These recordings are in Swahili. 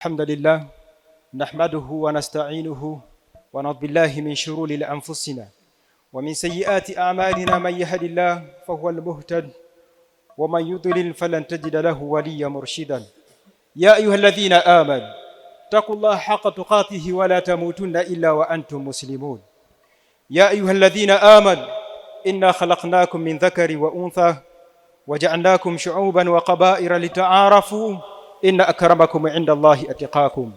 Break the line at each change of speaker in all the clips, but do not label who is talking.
الحمد لله نحمده ونستعينه ونعوذ بالله من شرور أنفسنا ومن سيئات أعمالنا من يهد الله فهو المهتد ومن يضلل فلن تجد له وليا مرشدا يا أيها الذين آمنوا اتقوا الله حق تقاته ولا تموتن إلا وأنتم مسلمون يا أيها الذين آمنوا إنا خلقناكم من ذكر وأنثى وجعلناكم شعوبا وقبائل لتعارفوا إن أكرمكم عند الله أتقاكم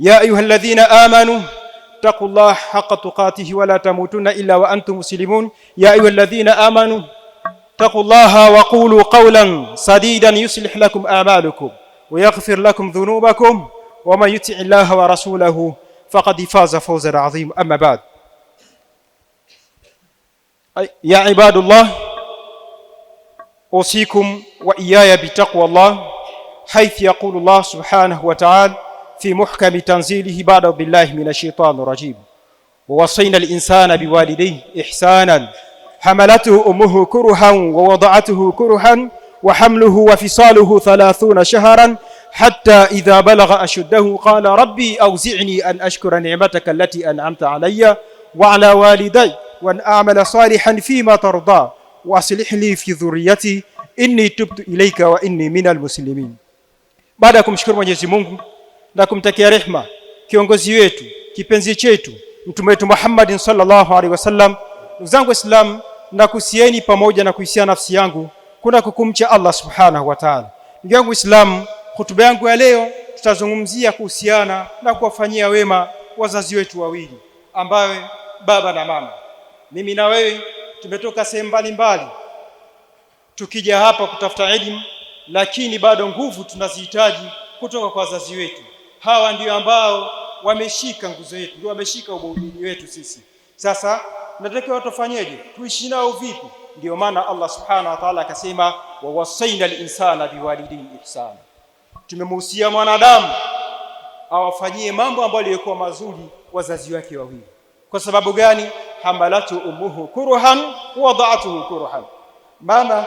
يا أيها الذين آمنوا اتقوا الله حق تقاته ولا تموتن إلا وأنتم مسلمون يا أيها الذين آمنوا اتقوا الله وقولوا قولا سديدا يصلح لكم أعمالكم ويغفر لكم ذنوبكم ومن يطع الله ورسوله فقد فاز فوزا عظيما أما بعد يا عباد الله أوصيكم وإياي بتقوى الله حيث يقول الله سبحانه وتعالى في محكم تنزيله بعد بالله من الشيطان الرجيم ووصينا الإنسان بوالديه إحسانا حملته أمه كرها ووضعته كرها وحمله وفصاله ثلاثون شهرا حتى إذا بلغ أشده قال ربي أوزعني أن أشكر نعمتك التي أنعمت علي وعلى والدي وأن أعمل صالحا فيما ترضى وأصلح لي في ذريتي إني تبت إليك وإني من المسلمين Baada ya kumshukuru Mwenyezi Mungu na kumtakia rehma kiongozi wetu kipenzi chetu mtume wetu Muhammad sallallahu alaihi wasallam, ndugu zangu Waislamu, na kusieni pamoja na kuhisia nafsi yangu kuna kukumcha Allah subhanahu wa ta'ala. Ndugu yangu Waislamu, hotuba yangu ya leo tutazungumzia kuhusiana na kuwafanyia wema wazazi wetu wawili, ambaye baba na mama. Mimi na wewe tumetoka sehemu mbalimbali tukija hapa kutafuta elimu lakini bado nguvu tunazihitaji kutoka kwa wazazi wetu. Hawa ndio ambao wameshika nguzo yetu, ndio wameshika ubujiji wetu sisi. Sasa natakiwa tufanyeje? Tuishi nao vipi? Ndio maana Allah subhanahu wa ta'ala akasema, wawasaina linsana biwalidihi ihsana, tumemuhusia mwanadamu awafanyie mambo ambayo yalikuwa mazuri wazazi wake wawili. Kwa sababu gani? hamalatu ummuhu kurhan wada'atuhu kurhan, maana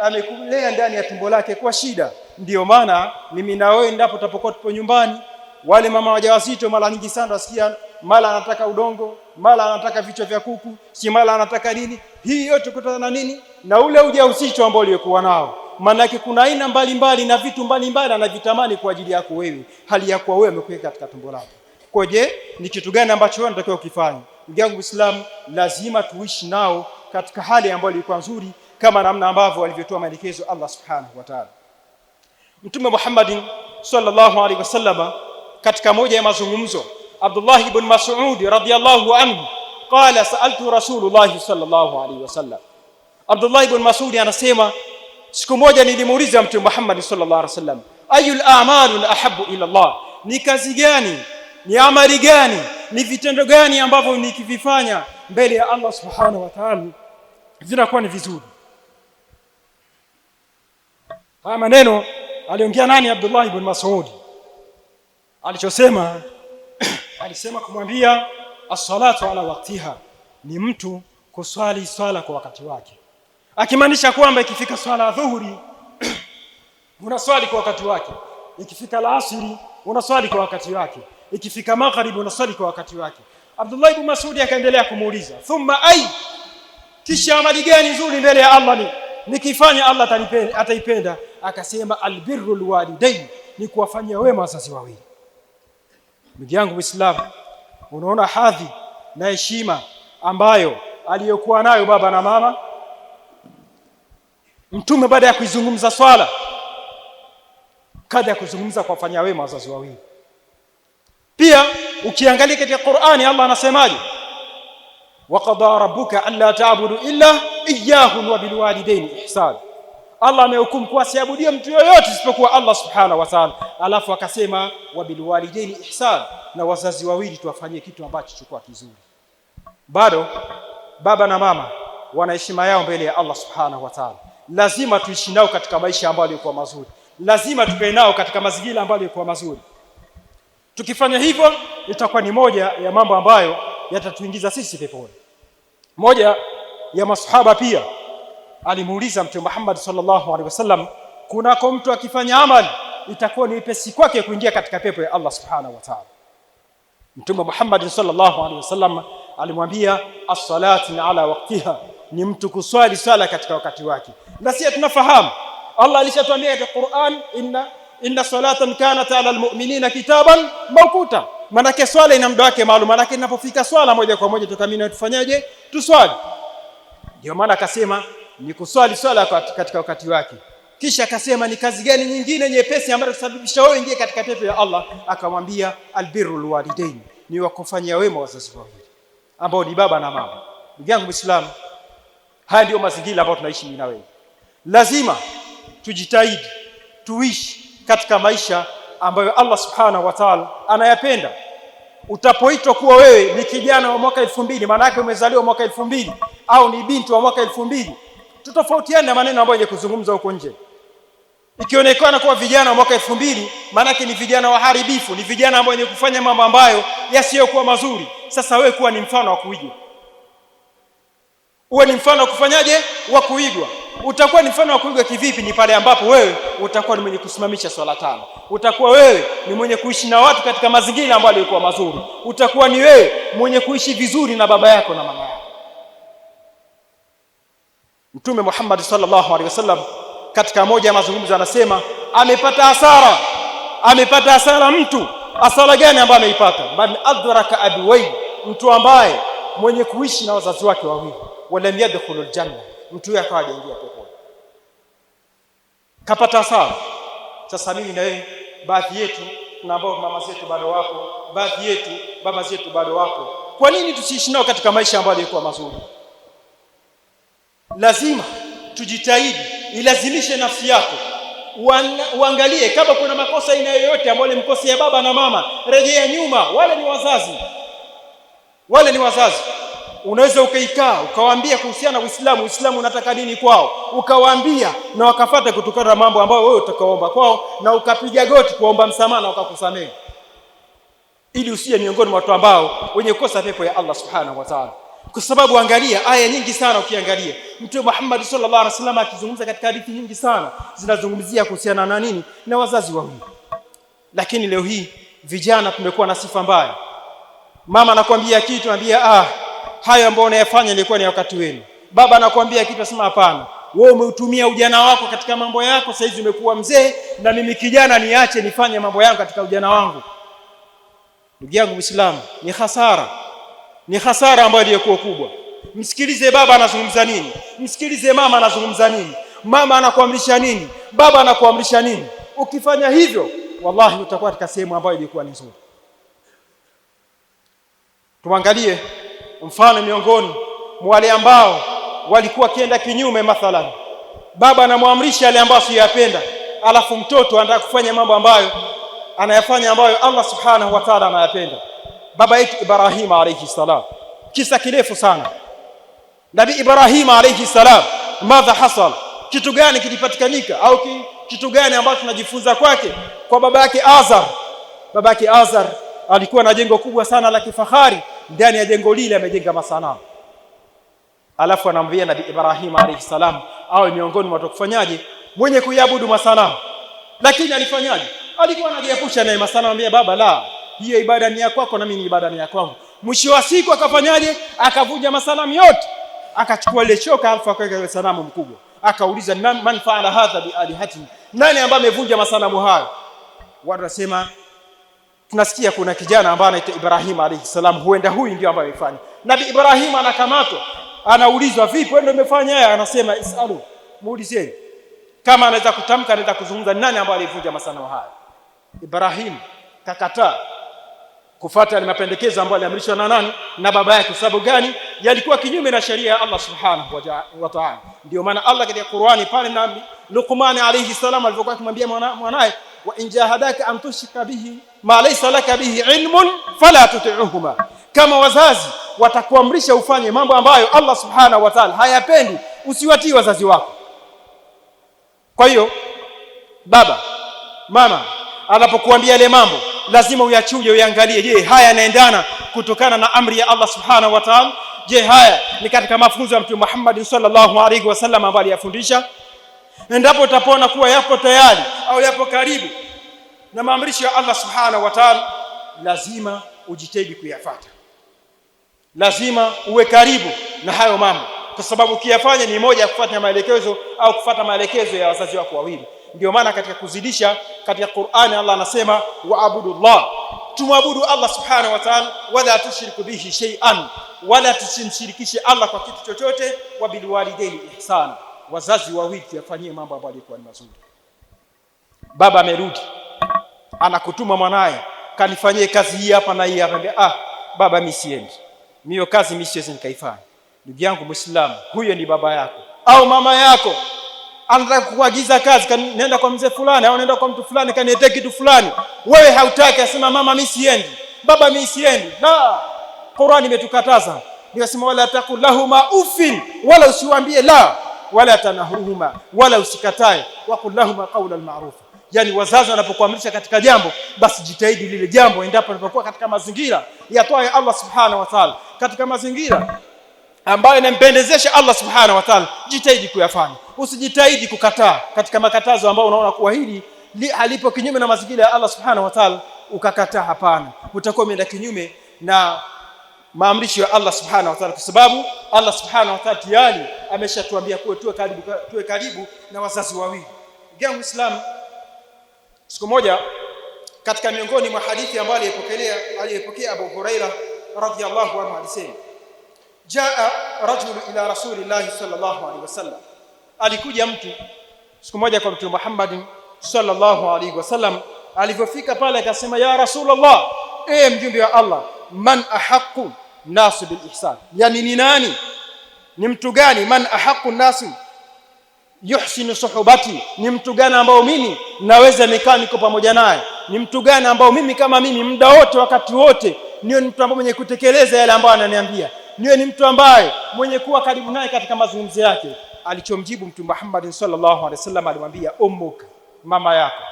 amekulea ndani ya tumbo lake kwa shida. Ndiyo maana mimi na wewe ndapo tutapokuwa tupo nyumbani, wale mama wajawazito mara nyingi sana wasikia mara anataka udongo, mara anataka vichwa vya kuku, si mara anataka nini. Hii yote kutokana na nini? Na ule ujauzito ambao uliokuwa nao. Maana yake kuna aina mbalimbali na vitu mbalimbali anavitamani kwa ajili yako wewe, hali ya kuwa wewe amekuweka katika tumbo lako. Kwa je, ni kitu gani ambacho wewe unatakiwa ukifanye? Ndugu yangu Muislamu, lazima tuishi nao katika hali ambayo ilikuwa nzuri kama namna ambavyo alivyotoa maelekezo Allah subhanahu wa ta'ala. Mtume Muhammad sallallahu alaihi wasallam katika moja ya mazungumzo, Abdullah ibn Mas'ud radhiyallahu anhu qala sa'altu Rasulullah sallallahu alaihi wasallam. Abdullah ibn Mas'ud anasema siku moja nilimuuliza Mtume Muhammad sallallahu alaihi wasallam, ayul a'malu ahabbu ila Allah, ni kazi gani, ni amali gani, ni vitendo gani ambavyo nikivifanya mbele ya Allah subhanahu wa ta'ala zinakuwa ni vizuri Haya maneno aliongea nani? Abdullah ibn Mas'ud alichosema, alisema kumwambia as-salatu ala waqtiha, ni mtu kuswali swala kwa wakati wake, akimaanisha kwamba ikifika swala ya dhuhuri unaswali kwa wakati wake, ikifika alasiri unaswali kwa wakati wake, ikifika magharibi unaswali kwa wakati wake. Abdullah ibn Mas'ud akaendelea kumuuliza, thumma ai, kisha amali gani nzuri mbele ya Allah ni nikifanya Allah atanipenda, ataipenda. Akasema albirru lwalidain ni kuwafanyia wema wazazi wawili. Ndugu yangu Muislamu, unaona hadhi na heshima ambayo aliyokuwa nayo baba na mama. Mtume baada ya kuizungumza swala, kada ya kuzungumza kuwafanyia wema wazazi wawili. Pia ukiangalia katika Qur'ani, Allah anasemaje? waqada rabbuka alla ta'budu illa iyyahu wa walidayni ihsan Allah amehukumu kuwa siabudiwe mtu yoyote isipokuwa Allah subhanahu wa ta'ala. Alafu akasema wa walidayni ihsan na wazazi wawili tuwafanyie kitu ambacho chukua kizuri. Bado baba na mama wana heshima yao mbele ya Allah subhanahu wa ta'ala. Lazima tuishi nao katika maisha ambayo yalikuwa mazuri, lazima tukae nao katika mazingira ambayo yalikuwa mazuri. Tukifanya hivyo itakuwa ni moja ya mambo ambayo yatatuingiza sisi peponi. Moja ya masahaba pia alimuuliza Mtume Muhammad sallallahu alaihi wasallam, kunako mtu akifanya amali itakuwa ni pesi kwake kuingia katika pepo ya Allah subhanahu wa ta'ala. Mtume Muhammad sallallahu alaihi wasallam alimwambia, as-salatu ala waqtiha, ni mtu kuswali swala katika wakati wake. Na sisi tunafahamu Allah alishatuambia katika Qur'an, inna inna salatan kanat ala almu'minina kitaban mawquta Maanake swala ina muda wake maalum, maanake inapofika swala moja kwa moja tukamini tufanyaje? Tuswali. Ndio maana akasema ni kuswali swala katika wakati wake. Kisha akasema ni kazi gani nyingine nyepesi ambayo kusababisha wewe ingie katika pepo ya Allah? Akamwambia albirrul walidain, ni wakufanyia wema wazazi wawili ambao ni baba na mama. Ndugu yangu Muislamu, haya ndio mazingira ambayo tunaishi mimi na wewe. Lazima tujitahidi tuishi katika maisha ambayo Allah subhanahu wa ta'ala anayapenda. Utapoitwa kuwa wewe ni kijana wa mwaka elfu mbili maana yake umezaliwa mwaka elfu mbili au ni binti wa mwaka elfu mbili tutofautiane na maneno ambayo yenye kuzungumza huko nje. Ikionekana kuwa vijana wa mwaka elfu mbili maana yake ni vijana waharibifu, ni vijana ambao wenye kufanya mambo ambayo yasiyokuwa mazuri. Sasa wewe kuwa ni mfano wa kuigwa, uwe ni mfano wa kufanyaje, wa kuigwa utakuwa ni mfano wa kuigwa kivipi? Ni pale ambapo wewe utakuwa ni mwenye kusimamisha swala tano, utakuwa wewe ni mwenye kuishi na watu katika mazingira ambayo yalikuwa mazuri, utakuwa ni wewe mwenye kuishi vizuri na baba yako na mama yako. Mtume Muhammad sallallahu alaihi wasallam katika moja ya mazungumzo anasema amepata hasara, amepata hasara mtu. Hasara gani ambayo ameipata? man adraka abiwai, mtu ambaye mwenye kuishi na wazazi wake wawili walam yadkhulul janna mtu huyo akawa hajaingia peponi, kapata sawa. Sasa mimi na wewe, baadhi yetu na ambao mama zetu bado wapo, baadhi yetu baba zetu bado wako kwa nini tusiishi nao katika maisha ambayo yalikuwa mazuri? Lazima tujitahidi, ilazimishe nafsi yako uangalie kama kuna makosa aina yoyote ambayo alimkosea baba na mama, rejea nyuma. Wale ni wazazi, wale ni wazazi unaweza ukaikaa ukawaambia kuhusiana na Uislamu, Uislamu unataka nini kwao, ukawaambia na wakafata kutokana na mambo ambayo wewe utakaoomba kwao, na ukapiga goti kuomba msamaha na wakakusamehe, ili usiye miongoni mwa watu ambao wenye kukosa pepo ya Allah subhanahu wa ta'ala. Kwa sababu angalia aya nyingi sana, ukiangalia Mtume Muhammad sallallahu alaihi wasallam akizungumza katika hadithi nyingi sana zinazungumzia kuhusiana na nini, na wazazi wawili. Lakini leo hii vijana tumekuwa na sifa mbaya, mama anakuambia kitu, anambia ah hayo ambayo unayafanya ilikuwa ni wakati wenu. Baba anakuambia kitu, asema hapana, wewe umeutumia ujana wako katika mambo yako, sasa hizi umekuwa mzee, na mimi kijana niache nifanye mambo yangu katika ujana wangu. Ndugu yangu Muislamu, ni hasara, ni hasara ambayo iliyokuwa kubwa. Msikilize baba anazungumza nini, msikilize mama anazungumza nini, mama anakuamrisha nini, baba anakuamrisha nini. Ukifanya hivyo, wallahi utakuwa katika sehemu ambayo ilikuwa ni nzuri. Tuangalie mfano miongoni mwa wale ambao walikuwa kienda kinyume, mathalan baba anamwamrisha yale ambayo siyapenda, alafu mtoto anataka kufanya mambo ambayo anayafanya ambayo Allah subhanahu wa ta'ala anayapenda. Baba yetu Ibrahim alayhi salam, kisa kirefu sana. Nabii Ibrahim alayhi salam, madha hasal, kitu gani kilipatikanika au kitu gani ambacho tunajifunza kwake, kwa baba yake Azar, baba yake Azar alikuwa na jengo kubwa sana la kifahari. Ndani ya jengo lile amejenga masanamu, alafu anamwambia Nabi Ibrahim alayhi salam awe miongoni mwa watakufanyaje mwenye kuiabudu masanamu. Lakini alifanyaje? Alikuwa anajiepusha naye masanamu, anambia baba, la, hiyo ibada ni ya kwako na mimi ni ibada ni ya kwangu. Mwisho wa siku akafanyaje? Akavunja masanamu yote, akachukua ile shoka, alafu akaweka ile sanamu mkubwa, akauliza man faala hadha bi alihati, nani ambaye amevunja masanamu hayo? Watu wasema tunasikia kuna kijana ambaye anaitwa Ibrahim alayhi salam, huenda huyu ndio ambaye amefanya. Nabii Ibrahim anakamatwa, anaulizwa, vipi wewe ndio umefanya haya? Anasema isalu, muulizeni kama anaweza kutamka, anaweza kuzungumza, nani ambaye alivunja masano haya. Ibrahim kakataa kufuata ni mapendekezo ambayo aliamrishwa na nani na baba yake. Sababu gani? Yalikuwa kinyume na sheria ya Allah subhanahu wa ta'ala. Ndio maana Allah katika Qur'ani pale na Luqman alayhi salam alivyokuwa akimwambia mwanae wa in jahadaka an tushrika bihi ma laysa laka bihi ilmun fala tuti'uhuma, kama wazazi watakuamrisha ufanye mambo ambayo Allah subhanahu wa ta'ala hayapendi, usiwatii wazazi wako. Kwa hiyo baba mama anapokuambia yale mambo lazima uyachuje, uyangalie. Je, haya yanaendana kutokana na amri ya Allah subhanahu wa ta'ala? Je, haya ni katika mafunzo ya Mtume Muhammad sallallahu alaihi wasallam ambayo aliyafundisha? endapo utapona kuwa yapo tayari au yapo karibu na maamrisho ya Allah subhanahu wa ta'ala, lazima ujitahidi kuyafata lazima uwe karibu na hayo mambo, kwa sababu ukiyafanya ni moja ya kufuata maelekezo au kufuata maelekezo ya wazazi wako wawili. Ndio maana katika kuzidisha katika Qur'ani Allah anasema waabudullah, tumwabudu Allah subhanahu wa ta'ala, wala tushriku bihi shay'an, wala tusimshirikishe Allah kwa kitu chochote, wa bilwalidaini ihsana wazazi wa wiki, afanyie mambo ambayo alikuwa ni mazuri. Baba amerudi anakutuma mwanaye, kanifanyie kazi hii hapa na hii hapa. Ah baba, mimi siendi mio kazi mimi siwezi nikaifanya. Ndugu yangu Muislamu, huyo ni baba yako au mama yako anataka kukuagiza kazi, nenda kwa mzee fulani au nenda kwa mtu fulani, kanietee kitu fulani, wewe hautaki, asema mama, mimi siendi, baba, mimi siendi. La, Qur'ani imetukataza, nikasema wala taqul lahuma ufin, wala usiwaambie la wala tanahuhuma wala usikatae, waqul lahuma qawlan maarufa. Yani wazazi wanapokuamrisha katika jambo, basi jitahidi lile jambo, endapo linapokuwa katika mazingira yatwaye Allah subhanahu wa ta'ala, katika mazingira ambayo inampendezesha Allah subhanahu wa ta'ala, jitahidi kuyafanya, usijitahidi kukataa katika makatazo ambayo unaona kuwa hili halipo kinyume na mazingira ya Allah subhanahu wa ta'ala, ukakataa. Hapana, utakuwa umeenda kinyume na maamrisho ya Allah subhanahu wa ta'ala, kwa sababu Allah subhanahu wa ta'ala tayari ameshatuambia kuwe tuwe karibu, tuwe karibu na wazazi wawili. Ndugu Muislamu, siku moja katika miongoni mwa hadithi ambayo aliyepokelea aliyepokea Abu Huraira radhiyallahu anhu alisema, jaa rajul ila rasulillahi sallallahu alaihi wasallam, alikuja mtu siku moja kwa Mtume Muhammad sallallahu alaihi wasallam. Alivyofika pale akasema, ya Rasulullah, e mjumbe wa Allah, man ahaqqu nasi bil ihsan, yani ni nani, ni mtu gani? Man ahaqqu nasi yuhsinu suhubati, ni mtu gani ambao mimi naweza nikaa niko pamoja naye? Ni mtu gani ambao mimi kama mimi muda wote wakati wote niwe ni mtu ambaye mwenye kutekeleza yale ambayo ananiambia, niwe ni mtu ambaye mwenye kuwa karibu naye katika mazungumzo yake. Alichomjibu Mtume Muhammad sallallahu alaihi wasallam, alimwambia ummuk mama yako.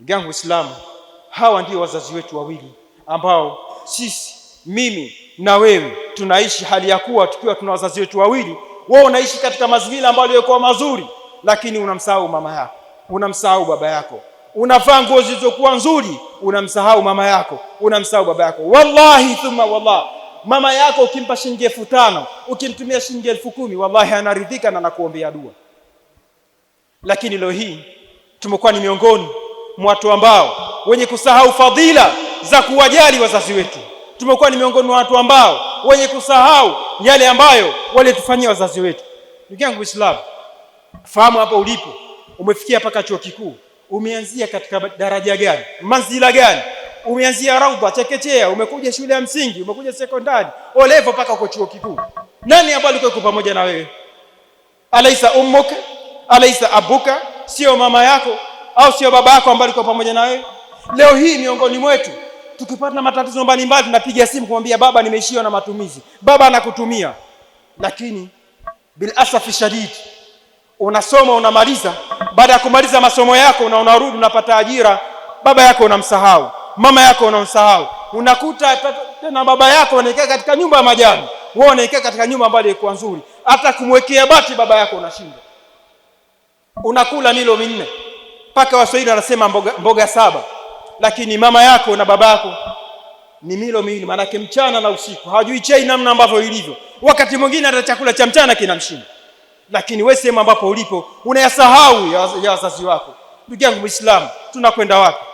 Ndugu yangu hawa ndio wazazi wetu wawili ambao sisi mimi na wewe tunaishi hali ya kuwa tukiwa tuna wazazi wetu wawili. Wewe unaishi katika mazingira ambayo yalikuwa mazuri, lakini unamsahau mama yako, unamsahau baba yako, unavaa nguo zilizokuwa nzuri, unamsahau mama yako, unamsahau baba yako. Wallahi thumma wallah, mama yako ukimpa shilingi elfu tano ukimtumia shilingi elfu kumi wallahi anaridhika na nakuombea dua. Lakini leo hii tumekuwa ni miongoni mwa watu ambao wenye kusahau fadhila za kuwajali wazazi wetu tumekuwa ni miongoni mwa watu ambao wenye kusahau yale ambayo walitufanyia wazazi wetu. Ndugu yangu Uislamu, fahamu hapa ulipo, umefikia mpaka chuo kikuu, umeanzia katika daraja gani, manzila gani? Umeanzia raudha chekechea, umekuja shule ya msingi, umekuja sekondari, olevo mpaka uko chuo kikuu. Nani ambaye alikuwa yuko pamoja na wewe? Alaisa ummuka, alaisa abuka, sio mama yako au sio baba yako ambaye alikuwa pamoja na wewe? Leo hii miongoni mwetu tukipata matatizo mbalimbali tunapiga simu kumwambia baba, nimeishiwa na matumizi, baba anakutumia. Lakini bil asafi shadid, unasoma unamaliza, baada ya kumaliza masomo yako na unarudi unapata ajira, baba yako unamsahau, mama yako unamsahau, unakuta tena baba yako unaingia katika nyumba ya majani, wewe unaingia katika nyumba ambayo ilikuwa nzuri, hata kumwekea bati baba yako unashindwa. Unakula milo minne, mpaka Waswahili wanasema mboga, mboga saba lakini mama yako na babako ni milo miwili, maanake mchana na usiku. Hawajui chai namna ambavyo ilivyo. Wakati mwingine hata chakula cha mchana kinamshinda, lakini wewe sehemu ambapo ulipo unayasahau ya wazazi wako. Ndugu yangu Muislamu, tunakwenda wapi?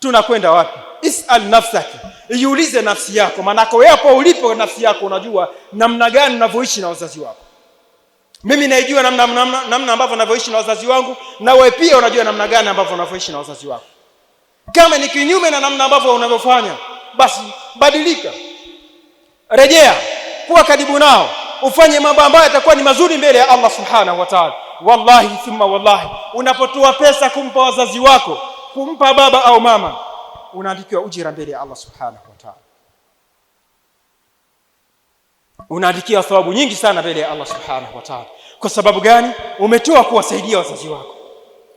Tunakwenda wapi? Isal nafsaki, iulize nafsi yako, maanake wewe hapo ulipo, nafsi yako unajua namna gani unavyoishi na wazazi wako. Mimi naijua namna, namna, namna ambavyo navyoishi na wazazi wangu, na wewe pia unajua namna gani ambavyo unavyoishi na wazazi wako. Kama ni kinyume na namna ambavyo unavyofanya, basi badilika, rejea, kuwa karibu nao, ufanye mambo ambayo yatakuwa ni mazuri mbele ya Allah subhanahu wa ta'ala. Wallahi thumma wallahi, unapotoa pesa kumpa wazazi wako, kumpa baba au mama, unaandikiwa ujira mbele ya Allah subhanahu wa ta'ala, unaandikiwa thawabu nyingi sana mbele ya Allah subhanahu wa ta'ala. Kwa sababu gani? Umetoa kuwasaidia wazazi wako,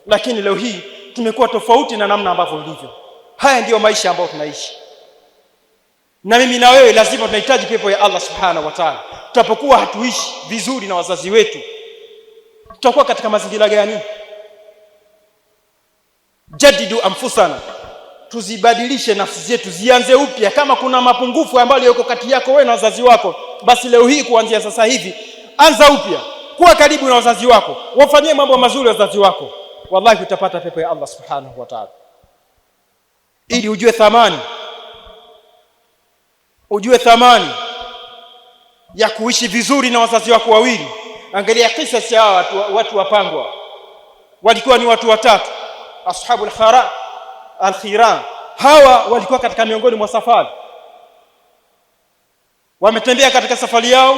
lakini leo hii tumekuwa tofauti na namna ambavyo ilivyo. Haya ndiyo maisha ambayo tunaishi, na mimi na wewe lazima tunahitaji pepo ya Allah subhanahu wa ta'ala. Tutapokuwa hatuishi vizuri na wazazi wetu, tutakuwa katika mazingira gani? Jadidu anfusana, tuzibadilishe nafsi zetu, zianze upya. Kama kuna mapungufu ambayo yako kati yako wewe na wazazi wako, basi leo hii kuanzia sasa hivi anza upya, kuwa karibu na wazazi wako, wafanyie mambo mazuri wazazi wako wallahi utapata pepo ya Allah subhanahu wa ta'ala. Ili ujue thamani, ujue thamani ya kuishi vizuri na wazazi wako wawili. Angalia kisa cha watu, watu wapangwa, walikuwa ni watu watatu, ashabul khara khiran Hawa walikuwa katika miongoni mwa safari, wametembea katika safari yao,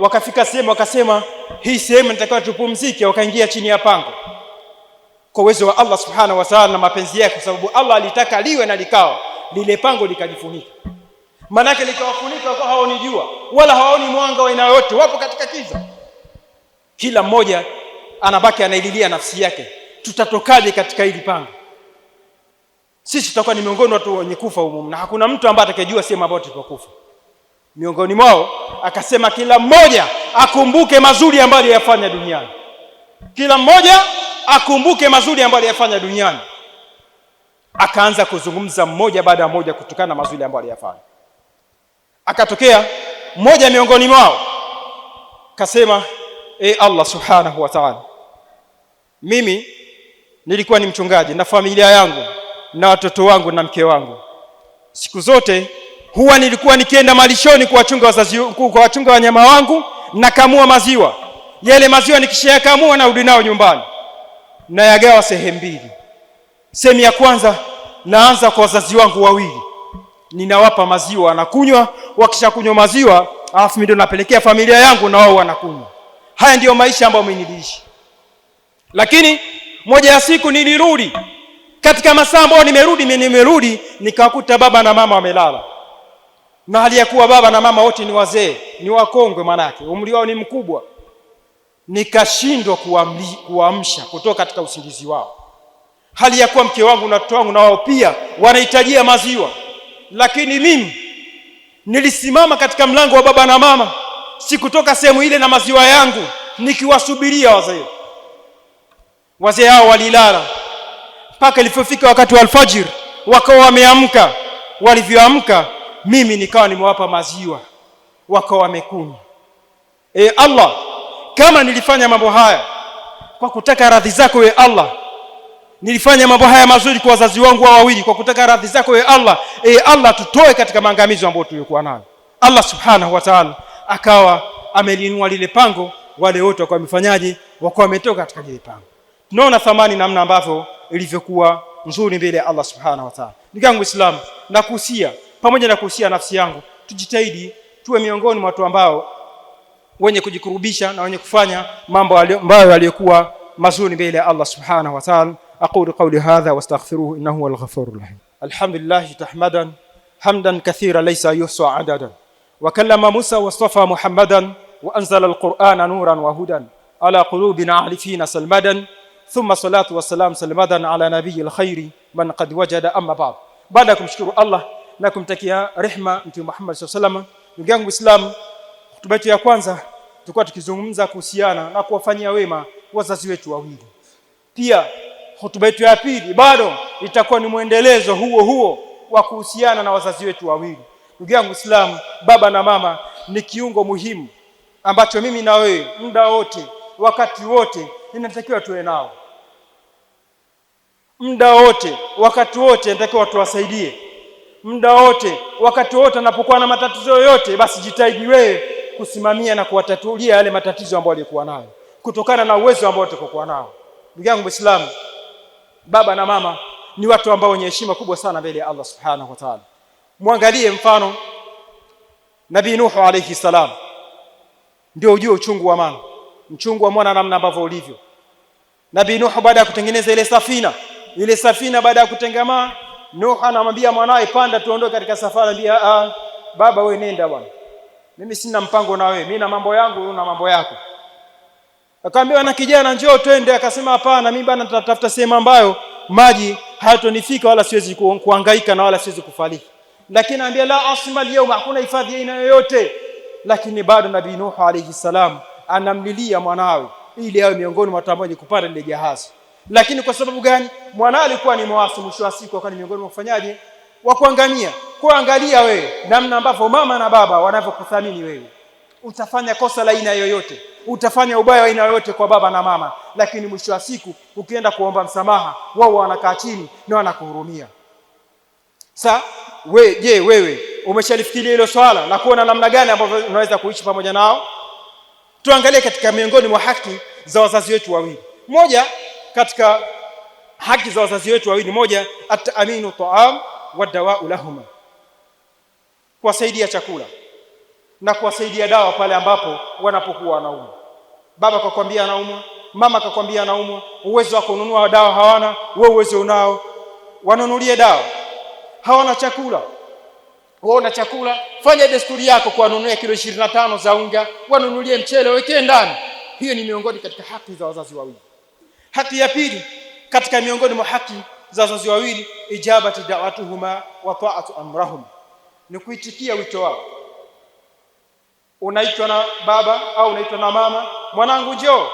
wakafika sehemu, wakasema hii sehemu nitakiwa tupumzike, wakaingia chini ya pango kwa uwezo wa Allah subhanahu wa ta'ala na mapenzi yake, kwa sababu Allah alitaka liwe na likao lile pango likajifunika, maanake likawafunika, wako haoni jua wala hawaoni mwanga wa aina yoyote, wapo katika kiza. Kila mmoja anabaki anaililia nafsi yake, tutatokaje katika hili pango? Sisi tutakuwa ni miongoni watu wenye kufa humu, na hakuna mtu ambaye atakayejua sehemu ambayo tutakufa. Miongoni mwao akasema, kila mmoja akumbuke mazuri ambayo aliyafanya duniani, kila mmoja akumbuke mazuri ambayo aliyafanya duniani. Akaanza kuzungumza mmoja baada ya mmoja kutokana na mazuri ambayo aliyafanya. Akatokea mmoja miongoni mwao kasema, e Allah subhanahu wa ta'ala, mimi nilikuwa ni mchungaji na familia yangu na watoto wangu na mke wangu, siku zote huwa nilikuwa nikienda malishoni kuwachunga wazazi, kuwachunga wanyama wangu, nakamua maziwa yale maziwa nikishayakamua narudi udinao nyumbani nayagawa sehemu mbili. Sehemu ya kwanza naanza kwa wazazi wangu wawili, ninawapa maziwa wanakunywa, wakishakunywa maziwa alafu mimi ndio napelekea familia yangu na wao wanakunywa. Haya ndiyo maisha ambayo mimi lakini moja ya siku nilirudi katika masaa ambayo nimerudi mimi nimerudi nikakuta baba na mama wamelala, na hali ya kuwa baba na mama wote ni wazee, ni wakongwe, manake umri wao ni mkubwa nikashindwa kuwaamsha kutoka katika usingizi wao, hali ya kuwa mke wangu na mtoto wangu na wao pia wanahitajia maziwa, lakini mimi nilisimama katika mlango wa baba na mama, sikutoka sehemu ile na maziwa yangu nikiwasubiria wazee. Wazee hao walilala mpaka ilipofika wakati wa alfajir wakawa wameamka. Walivyoamka mimi nikawa nimewapa maziwa, wakawa wamekunywa. E Allah kama nilifanya mambo haya kwa kutaka radhi zako we Allah nilifanya mambo haya mazuri kwa wazazi wangu wa wawili kwa kutaka radhi zako e Allah e Allah tutoe katika maangamizo ambayo tulikuwa nayo Allah subhanahu wa ta'ala akawa ameliinua lile pango wale wote wakawa wamefanyaje wakawa wametoka katika lile pango tunaona thamani namna ambavyo ilivyokuwa nzuri mbele ya Allah subhanahu wa ta'ala nikangu Islam nakuhusia pamoja na kuhusia nafsi yangu tujitahidi tuwe miongoni mwa watu ambao wenye kujikurubisha na wenye kufanya mambo ambayo yaliyokuwa mazuri mbele ya Allah subhanahu wa ta'ala aqulu qawli hadha wastaghfiruhu innahu huwal ghafurur rahim alhamdulillah tahmadan hamdan kathira laysa yuhsa adadan wa kallama وكلم موسى واصطفى محمدا وأنزل القرآن نورا وهدى على قلوبنا عارفين سلمدا ثم صلاة والسلام سلمدا على نبي الخير من قد وجد أما بعد بعدكم شكر kumshukuru Allah na kumtakia rehma Mtume Muhammad sallallahu alayhi wasallam, ndugu yangu Uislamu Hotuba yetu ya kwanza tulikuwa tukizungumza kuhusiana na kuwafanyia wema wazazi wetu wawili. Pia hotuba yetu ya pili bado itakuwa ni mwendelezo huo huo wa kuhusiana na wazazi wetu wawili. Ndugu yangu Islam, baba na mama ni kiungo muhimu ambacho mimi na wewe muda wote, wakati wote inatakiwa tuwe nao, muda wote, wakati wote inatakiwa tuwasaidie muda wote, wakati wote anapokuwa na matatizo yoyote, basi jitahidi wewe kusimamia na kuwatatulia yale matatizo ambayo walikuwa nayo kutokana na uwezo ambao tukokuwa nao. Ndugu yangu Muislamu, baba na mama ni watu ambao wenye heshima kubwa sana mbele ya Allah Subhanahu wa Ta'ala. Mwangalie mfano Nabii Nuhu alayhi salam, ndio ujue uchungu wa mama, mchungu wa mwana namna ambavyo ulivyo. Nabii Nuhu baada ya kutengeneza ile safina, ile safina baada ya kutengamaa, Nuhu anamwambia mwanae, panda tuondoke katika safari. Anambia, baba wewe nenda bwana mimi sina mpango na wewe, mimi na mambo yangu, wewe una mambo yako. Akaambiwa na kijana, njoo twende. Akasema hapana, mimi bana, natafuta sehemu ambayo maji hayatonifika wala siwezi kuhangaika na wala siwezi kufariki. Lakini anaambia la asma leo, hakuna hifadhi aina yoyote. Lakini bado Nabii Nuh alayhi salam anamlilia mwanawe ili awe miongoni mwa watu ambao kupanda lile jahazi. Lakini kwa sababu gani? Mwanawe alikuwa ni mwasi, mwisho wa siku akawa ni miongoni mwa wafanyaji wa kuangamia. Kwa angalia wewe namna ambavyo mama na baba wanavyokuthamini wewe. Utafanya kosa la aina yoyote, utafanya ubaya wa aina yoyote kwa baba na mama, lakini mwisho wa siku ukienda kuomba msamaha, wao wanakaa chini na wanakuhurumia. Sa we je, wewe umeshalifikiria hilo swala na kuona namna gani ambavyo unaweza kuishi pamoja nao? Tuangalie katika miongoni mwa haki za wazazi wetu wawili, moja katika haki za wazazi wetu wawili, moja at-aminu taam wadawau lahuma kuwasaidia chakula na kuwasaidia dawa pale ambapo wanapokuwa wanaumwa baba kakwambia anaumwa mama kakwambia anaumwa uwezo wa kununua dawa hawana wewe uwezo unao wanunulie dawa hawana chakula wewe una chakula fanya desturi yako kuwanunulia kilo 25 za unga wanunulie mchele wekee ndani hiyo ni miongoni katika haki za wazazi wawili haki ya pili katika miongoni mwa haki za wazazi wawili, ijabati da'watuhuma wa ta'atu amrahum, ni kuitikia wito wao. Unaitwa na baba au unaitwa na mama, mwanangu njoo.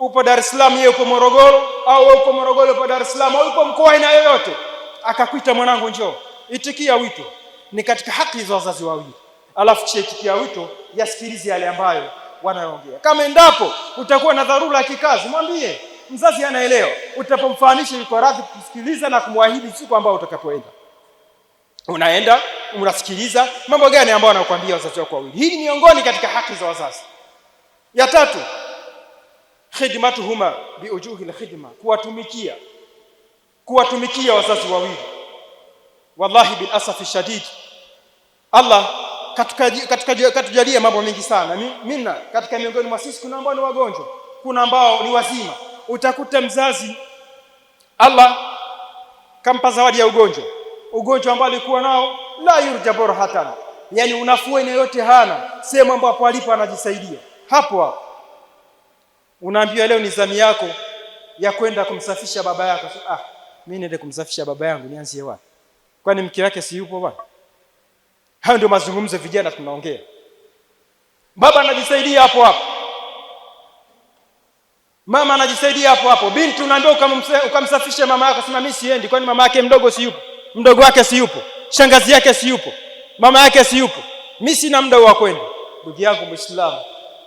Upo Dar es Salaam, yeye upo Morogoro, au uko Morogoro, upo Dar es Salaam, au uko mkoa ina yoyote, akakuita mwanangu, njoo, itikia wito. Ni katika haki za wazazi wawili, alafu chiitikia wito, yasikilize yale ambayo wanaongea Kama endapo utakuwa na dharura ya kikazi, mwambie Mzazi anaelewa utapomfahamisha yuko radhi kusikiliza na kumwahidi siku ambayo utakapoenda. Unaenda unasikiliza mambo gani ambayo anakuambia wazazi wako wawili. Hii ni miongoni katika haki za wazazi. Ya tatu, khidmatuhuma biujuhi lkhidma, kuwatumikia kuwatumikia wazazi wawili. Wallahi bil asafi shadid, Allah katujalia mambo mengi sana minna, katika miongoni mwa sisi kuna ambao ni wagonjwa, kuna ambao ni wazima Utakuta mzazi Allah kampa zawadi ya ugonjwa, ugonjwa ambao alikuwa nao la yurja borhatan, yani unafueni yote hana, sehemu ambapo alipo anajisaidia hapo hapo. Unaambiwa leo ni zamu yako ya kwenda kumsafisha baba yako. Ah, mimi niende kumsafisha baba yangu, nianzie wapi? Kwani mke wake si yupo bwana? Hayo ndio mazungumzo vijana tunaongea, baba anajisaidia hapo hapo Mama anajisaidia hapo hapo. Binti unaambiwa ukamsafishe mama yako, sema mimi siendi, kwani mama yake mdogo si yupo? Mdogo wake si yupo? Shangazi yake si yupo? Mama yake si yupo? Mimi sina muda wa kwenda. Ndugu yangu Muislamu,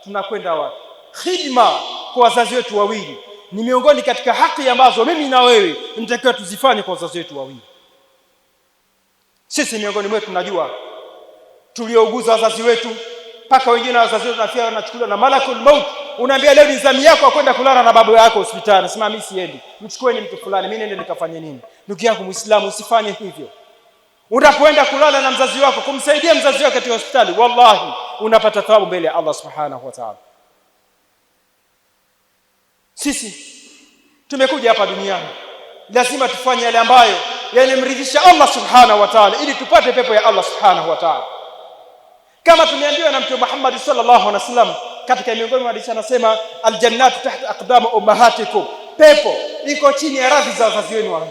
tunakwenda wapi? Khidma kwa wazazi wetu wawili ni miongoni katika haki ambazo mimi na wewe nitakiwa tuzifanye kwa wazazi wetu wawili. Sisi miongoni mwetu tunajua tuliouguza wazazi wetu mpaka wengine wazazi wetu nafia wanachukuliwa na malakul maut. Unaambia leo ni zamu yako akwenda kulala na babu yako hospitali, nasema mimi siendi, mchukueni mtu fulani, mimi nende nikafanye nini? Ndugu yangu Muislamu, usifanye hivyo. Unapoenda kulala na mzazi wako, kumsaidia mzazi wako katika hospitali, wallahi unapata thawabu mbele ya Allah subhanahu wa ta'ala. Sisi tumekuja hapa duniani, lazima tufanye yale ambayo yanamridhisha Allah subhanahu wa ta'ala, ili tupate pepo ya Allah subhanahu wa ta'ala kama tumeambiwa na Mtume Muhammad sallallahu alaihi wasallam katika miongoni mwa hadithi anasema, aljannatu tahta aqdama ummahatikum, pepo iko chini ya radhi za wazazi wenu. Wao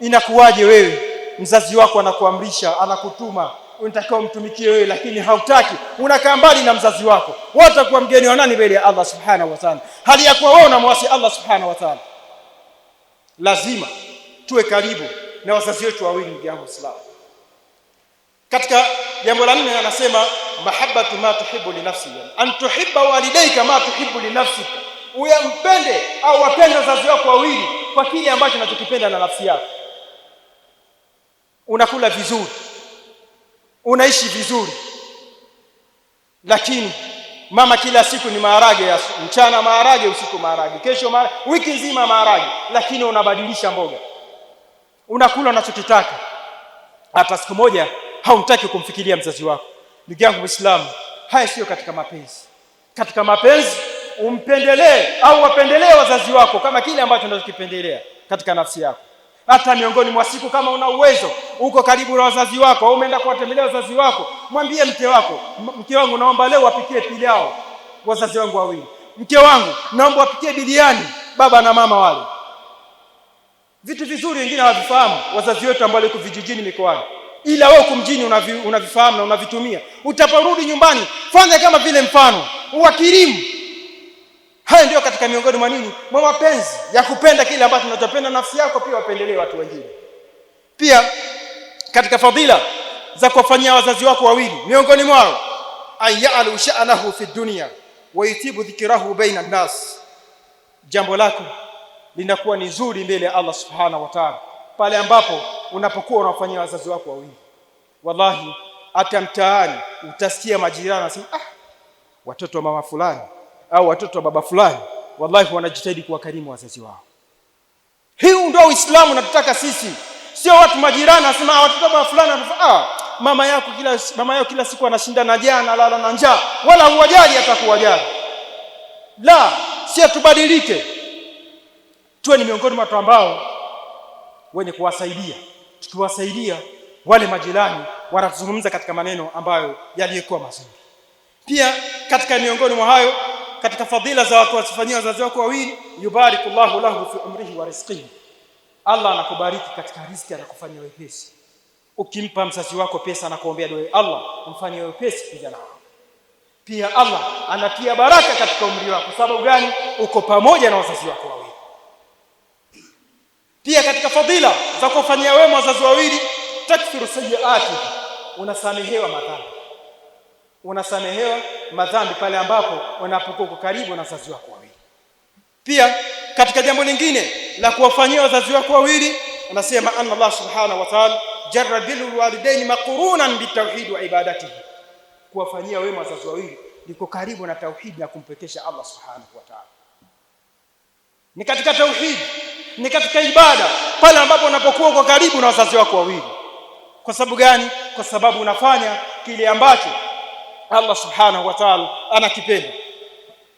inakuwaje wewe mzazi wako anakuamrisha, anakutuma unatakiwa umtumikie wewe, lakini hautaki, unakaa mbali na mzazi wako, watakuwa mgeni wa nani mbele ya Allah subhanahu wa ta'ala, hali ya kuwa wewe unamwasi Allah subhanahu wa ta'ala. Lazima tuwe karibu na wazazi wetu wawili, ndugu yangu katika jambo la nne anasema mahabbatu ma tuhibu li nafsi, an tuhibba walidaika ma tuhibu li uyampende au wapende wazazi wako wawili kwa kile ambacho unachokipenda na nafsi yako. Unakula vizuri, unaishi vizuri, lakini mama kila siku ni maharage ya mchana, maharage usiku, maharage kesho, maharage wiki nzima, maharage, lakini unabadilisha mboga, unakula unachokitaka. Hata siku moja hautaki kumfikiria mzazi wako. Ndugu yangu Muislamu, haya sio katika mapenzi. Katika mapenzi umpendelee au wapendelee wazazi wako kama kile ambacho unachokipendelea katika nafsi yako. Hata miongoni mwa siku, kama una uwezo, uko karibu na wazazi wako au umeenda kuwatembelea wazazi wako, mwambie mke wako, mke wangu, naomba leo wapikie pilau wazazi wangu wawili. Mke wangu, naomba wapikie biriani baba na mama wale. Vitu vizuri wengine hawavifahamu wazazi wetu ambao liko vijijini mikoani ila wewe huko mjini unavifahamu na unavitumia. Utaporudi nyumbani, fanya kama vile mfano, uwakirimu. Haya ndio katika miongoni mwa nini, mwa mapenzi ya kupenda kile ambacho tunachopenda nafsi yako, pia wapendelee watu wengine. Pia katika fadhila za kuwafanyia wazazi wako wawili, miongoni mwao ayalu sha'nahu fi dunya wa yutibu dhikrahu baina nnas, jambo lako linakuwa ni zuri mbele ya Allah subhanahu wa ta'ala, pale ambapo unapokuwa unawafanyia wazazi wako wawili. Wallahi, hata mtaani utasikia majirani wanasema ah, watoto wa mama fulani au watoto wa baba fulani, wallahi wanajitahidi kuwakarimu wazazi wao. Hii ndio Uislamu unatutaka sisi, sio watu majirani wanasema ah, watoto wa baba fulani, ah, mama yako kila mama yao kila siku anashinda na jana lala na njaa, wala huwajali hata kuwajali. La, sio tubadilike, tuwe ni miongoni mwa watu ambao wenye kuwasaidia tukiwasaidia wale majirani wanatuzungumza katika maneno ambayo yaliyokuwa mazuri. Pia katika miongoni mwa hayo katika fadhila za watu wasifanyia wazazi wako wawili, yubarikullahu lahu fi umrihi wa rizqihi, Allah anakubariki katika riziki, anakufanyia wepesi. Ukimpa mzazi wako pesa, anakuombea dua, Allah umfanyie wepesi kijana wako. Pia Allah anatia baraka katika umri wako. Sababu gani? Uko pamoja na wazazi wako. Pia katika fadhila za kuwafanyia wema wazazi wawili, takfiru sayiati, unasamehewa madhambi, unasamehewa madhambi pale ambapo unapokuwa karibu na wazazi wako wawili. Pia katika jambo lingine la kuwafanyia wazazi wako wawili, anasema anna Allah subhanahu wa ta'ala jarra bil walidaini maqrunan wa ibadatihi, kuwafanyia wema wazazi wawili liko karibu na tauhidi na kumpekesha Allah subhanahu wa ta'ala, ni katika tauhidi ni katika ibada pale ambapo unapokuwa kwa karibu na wazazi wako wawili. Kwa sababu gani? Kwa sababu unafanya kile ambacho Allah subhanahu wa ta'ala anakipenda.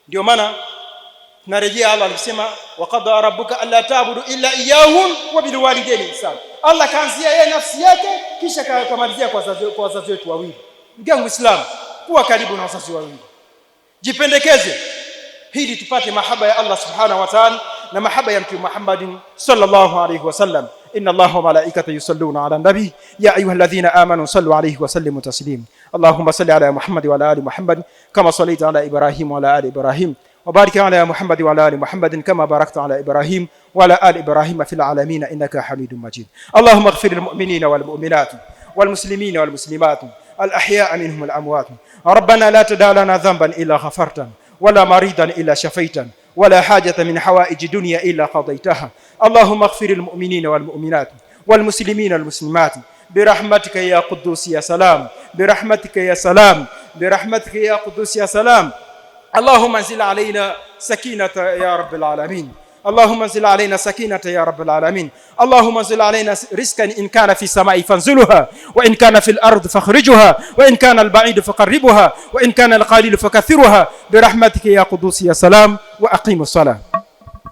Ndio maana narejea, Allah alisema waqada rabbuka alla ta'budu illa iyyahum wa bil walidayni ihsan. Allah kaanzia yeye nafsi yake, kisha kamalizia kwa wazazi kwa wazazi wetu wawili. Mgangu Islam, kuwa karibu na wazazi wawili, jipendekeze hili tupate mahaba ya Allah subhanahu wa ta'ala na mahaba ya mtume Muhammadin sallallahu alaihi wasallam inna allaha wa malaikatahu yusalluna ala nabi ya ayyuhalladhina amanu sallu alaihi wa sallimu taslim allahumma salli ala muhammad wa ala ali muhammad kama sallaita ala ibrahim wa ala ali ibrahim وبارك على محمد وعلى ال محمد كما باركت على ابراهيم وعلى ال ابراهيم في العالمين انك حميد مجيد اللهم اغفر للمؤمنين والمؤمنات والمسلمين والمسلمات الاحياء منهم الاموات ربنا لا تدع لنا ذنبا الا غفرته ولا مريضا الا شفيتا ولا حاجة من حوائج دنيا إلا قضيتها اللهم اغفر المؤمنين والمؤمنات والمسلمين والمسلمات برحمتك يا قدوس يا سلام برحمتك يا سلام برحمتك يا قدوس يا سلام اللهم انزل علينا سكينة يا رب العالمين اللهم انزل علينا سكينة يا رب العالمين اللهم انزل علينا رزقا إن كان في السماء فانزلها وإن كان في الأرض فاخرجها وإن كان البعيد فقربها وإن كان القليل فكثرها برحمتك يا قدوس يا سلام وأقيموا الصلاة